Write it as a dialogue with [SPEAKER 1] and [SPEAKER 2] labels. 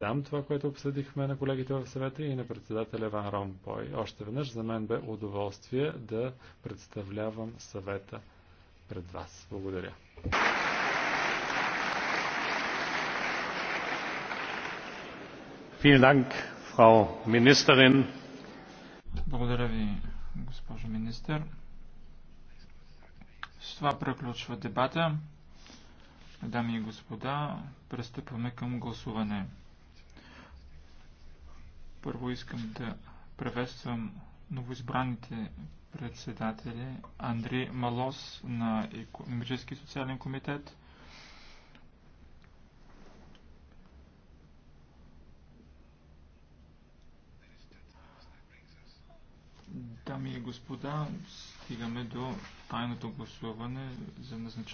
[SPEAKER 1] дам това, което обсъдихме на колегите в съвета и на председателя Ван Ромпой. Още веднъж за мен бе удоволствие да представлявам съвета пред вас. Благодаря.
[SPEAKER 2] Благодаря ви,
[SPEAKER 3] госпожо министър. С това преключва дебата. Дами и господа, пристъпваме към гласуване. Първо искам да приветствам новоизбраните председатели Андри Малос на Економически и социален комитет, Дами и господа, стигаме до тайното гласуване за назначаване